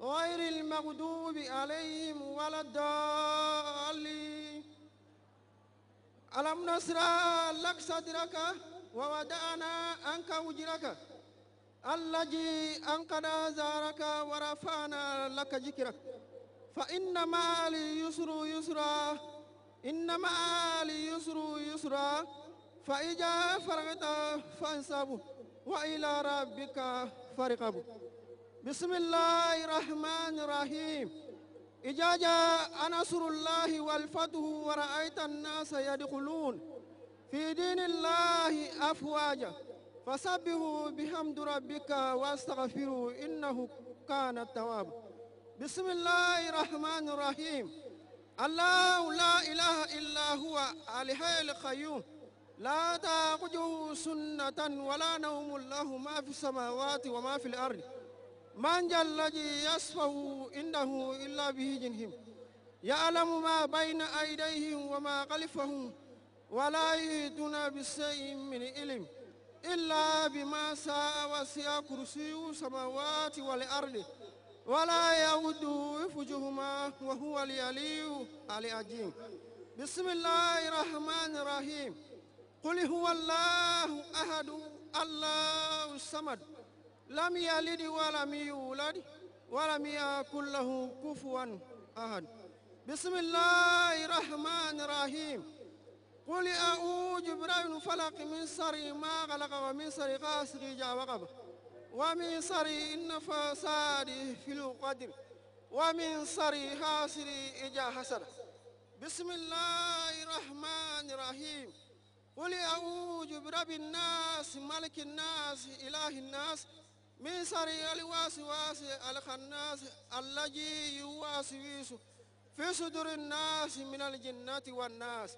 غير المغضوب عليهم ولا الضالين ألم نسرى لك صدرك ووضعنا أنك وجرك الذي أنقذ زارك ورفعنا لك ذكرك فإن مع اليسر يسرا إن مع اليسر يسرا فإذا فرغت فانسب وإلى ربك فارغب بسم الله الرحمن الرحيم إذا جاء نصر الله والفتح ورأيت الناس يدخلون في دين الله أفواجا فسبحوا بحمد ربك واستغفروا إنه كان التواب بسم الله الرحمن الرحيم الله لا إله إلا هو الحي القيوم لا تأخذه سنة ولا نوم له ما في السماوات وما في الأرض من الذي يصفه إنه إلا به جنهم يعلم ما بين أيديهم وما خلفهم ولا يهدون بشيء من علم إلا بما ساء وسع كرسي السماوات والأرض ولا يود فجهما وهو العلي العظيم بسم الله الرحمن الرحيم قل هو الله أحد الله الصمد لم يلد ولم يولد ولم يكن له كفوا أحد بسم الله الرحمن الرحيم قل أعوذ برب الفلق من شر ما خلق ومن شر غاسق إذا وقب ومن شر النفاثات في القدر ومن شر حاسد إذا حسد بسم الله الرحمن الرحيم قل أعوذ برب الناس ملك الناس إله الناس من سري واس الخناس الذي ويسو في صدور الناس من الجنة والناس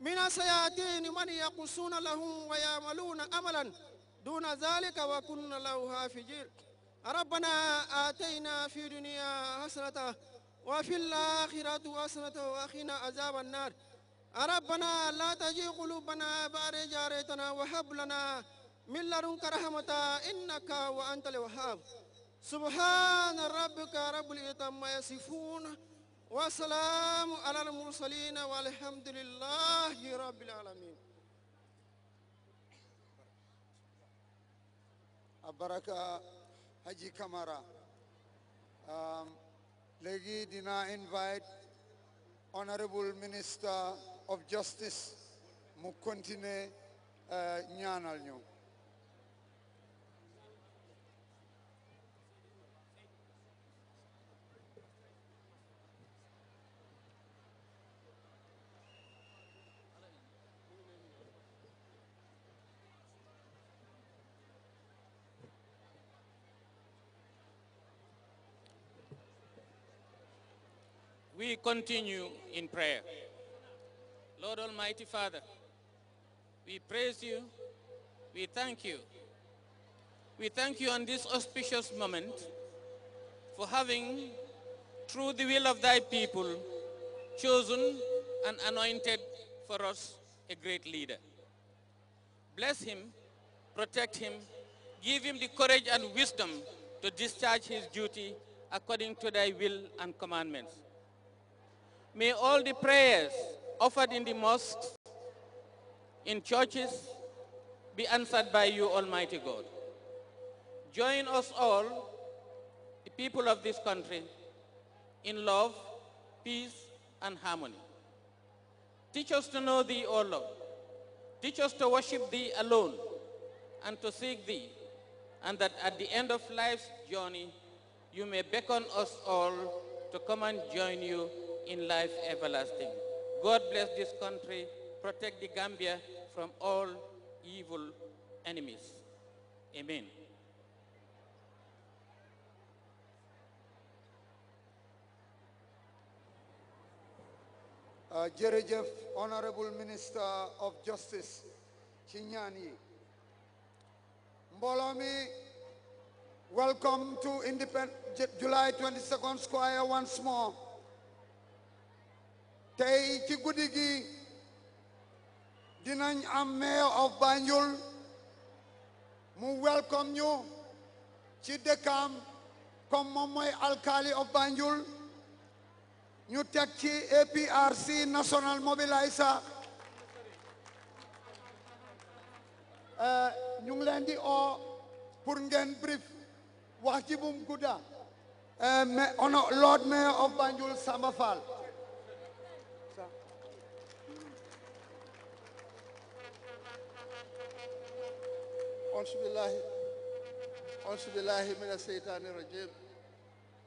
من السياتين من يقصون لهم ويعملون أملا دون ذلك وكنا له حافظين ربنا آتينا في دنيا حسنة وفي الآخرة حسنة وأخينا عذاب النار ربنا لا تجي قلوبنا بارجارتنا جارتنا وهب لنا من لدنك رحمة إنك وأنت الوهاب سبحان ربك رب العزة ما يصفون وسلام على المرسلين والحمد لله رب العالمين بركة حجي كمارا um, Legi Dina invite Honorable Minister of Justice Mukkontine uh, Nyanal Nyong. we continue in prayer. Lord Almighty Father, we praise you, we thank you. We thank you on this auspicious moment for having, through the will of thy people, chosen and anointed for us a great leader. Bless him, protect him, give him the courage and wisdom to discharge his duty according to thy will and commandments. May all the prayers offered in the mosques, in churches, be answered by you, Almighty God. Join us all, the people of this country, in love, peace, and harmony. Teach us to know thee, O Lord. Teach us to worship thee alone and to seek thee, and that at the end of life's journey, you may beckon us all to come and join you in life everlasting. God bless this country, protect the Gambia from all evil enemies. Amen. Uh, Jeff, Honorable Minister of Justice, Chinyani. Mbolomi, welcome to Independ July 22nd Square once more. tey ci guddi gi dinañ am mayor of Banjul mu welcome ñu ci dëkkaam comme moom mooy alkali of Banjul ñu teg ci APRC national mobiliser eh, ñu ngi leen di oo pour ngeen brief wax ci bum gudda eh, Lord Mayor of Banjul Samba أعوذ بالله أعوذ بالله من الشيطان الرجيم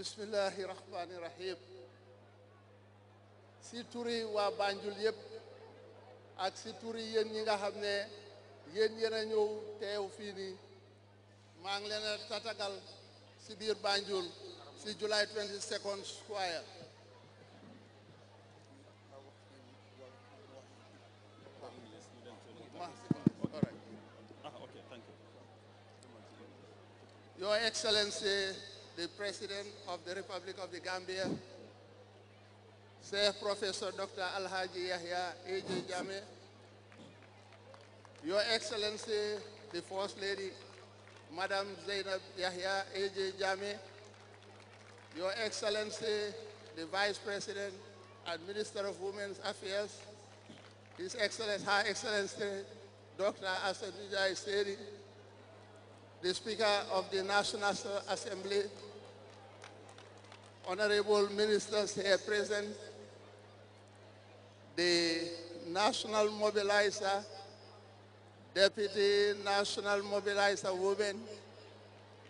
بسم الله الرحمن الرحيم سيتوري وا بانجول ييب اك سيتوري ين نيغا خامني ين يانا نيو تيو فيني مانغ لينا تاتاغال سي بير بانجول سي جولاي 22 سكوند سكوير Your Excellency, the President of the Republic of the Gambia, Sir Professor Dr. Alhaji Yahya A.J. Jame, Your Excellency, the First Lady, Madam Zainab Yahya A.J. Jame, Your Excellency, the Vice President and Minister of Women's Affairs, His Excellency, High Excellency, Dr. Asadija Iseri, the Speaker of the National Assembly, honorable ministers here present, the National Mobilizer, Deputy National Mobilizer Women,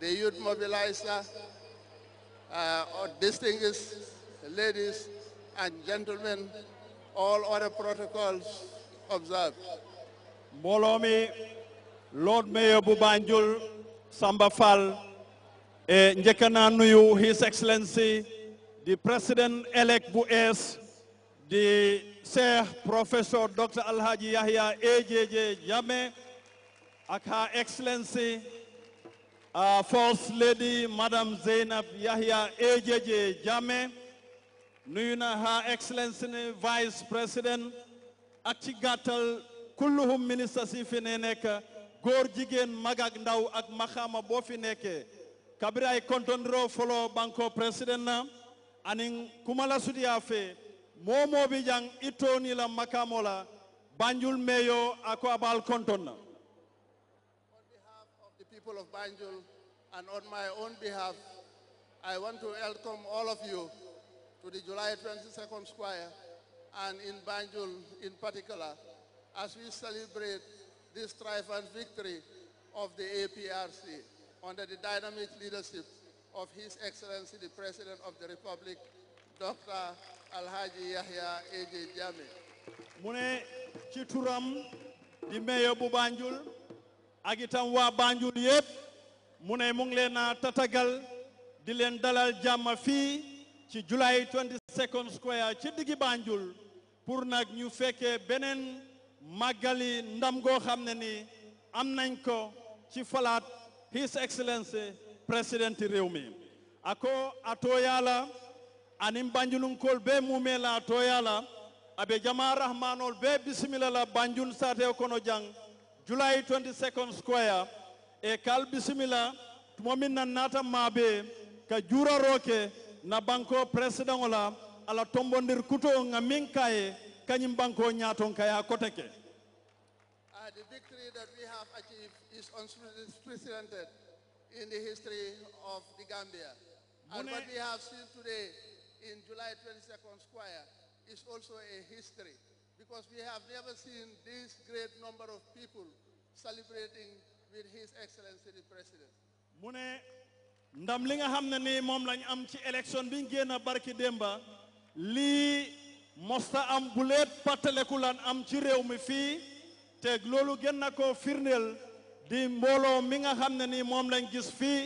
the Youth Mobilizer, uh, distinguished ladies and gentlemen, all other protocols observed. Bolomi, Lord Mayor Bubanjul, Sambafal, eh, njekana nuyu His Excellency the président-elect bu the Sir Professor Dr. Alhaji Yahya AJJ Yame, akha Excellency ah, First Lady Madam Zainab Yahya AJJ Yame, nuyu Her Excellency Vice President Achigatal ci gàttal kulluhum ministres góor jigéen mag ak ndaw ak fi folo president na anin fe momo bi jang itoni la makamo la banjul meyo ako abal on behalf of the people of banjul and on my own behalf i want to welcome all of you to the july 22nd square and in banjul in particular as we celebrate this triumphant victory of the APRC under the dynamic leadership of His Excellency the President of the Republic, Dr. Alhaji Yahya A.J. Jammeh. mu chituram di meyo bu Banjul ak itam Banjul yep. mu mungle na tatagal di dalal July 22nd square chidigi Banjul pour nag ñu magali ndam go xamne ne ni am nañ ko ci falat his excellency president rewmi mi ato a toyala anin kol be mumela a toyala abe jama rahmanol be bismillah la banjun sate kono jang july 22nd square e kal bismillah tumo min nan nata mabe ka jura roke na banko president ola ala tombondir kuto nga min kaye kaya Uh, the victory that we have achieved is unprecedented in the history of the Gambia. And what we have seen today in July 22nd Square is also a history because we have never seen this great number of people celebrating with His Excellency the President. Mune ndam li nga xamne ni mom lañ am ci élection biñ gëna barki demba li mosta am bu leet pàttaleku lan am ci réew mi fii teg loolu gën ko koo di mbooloo mi nga xam ne ni moom lañ gis fii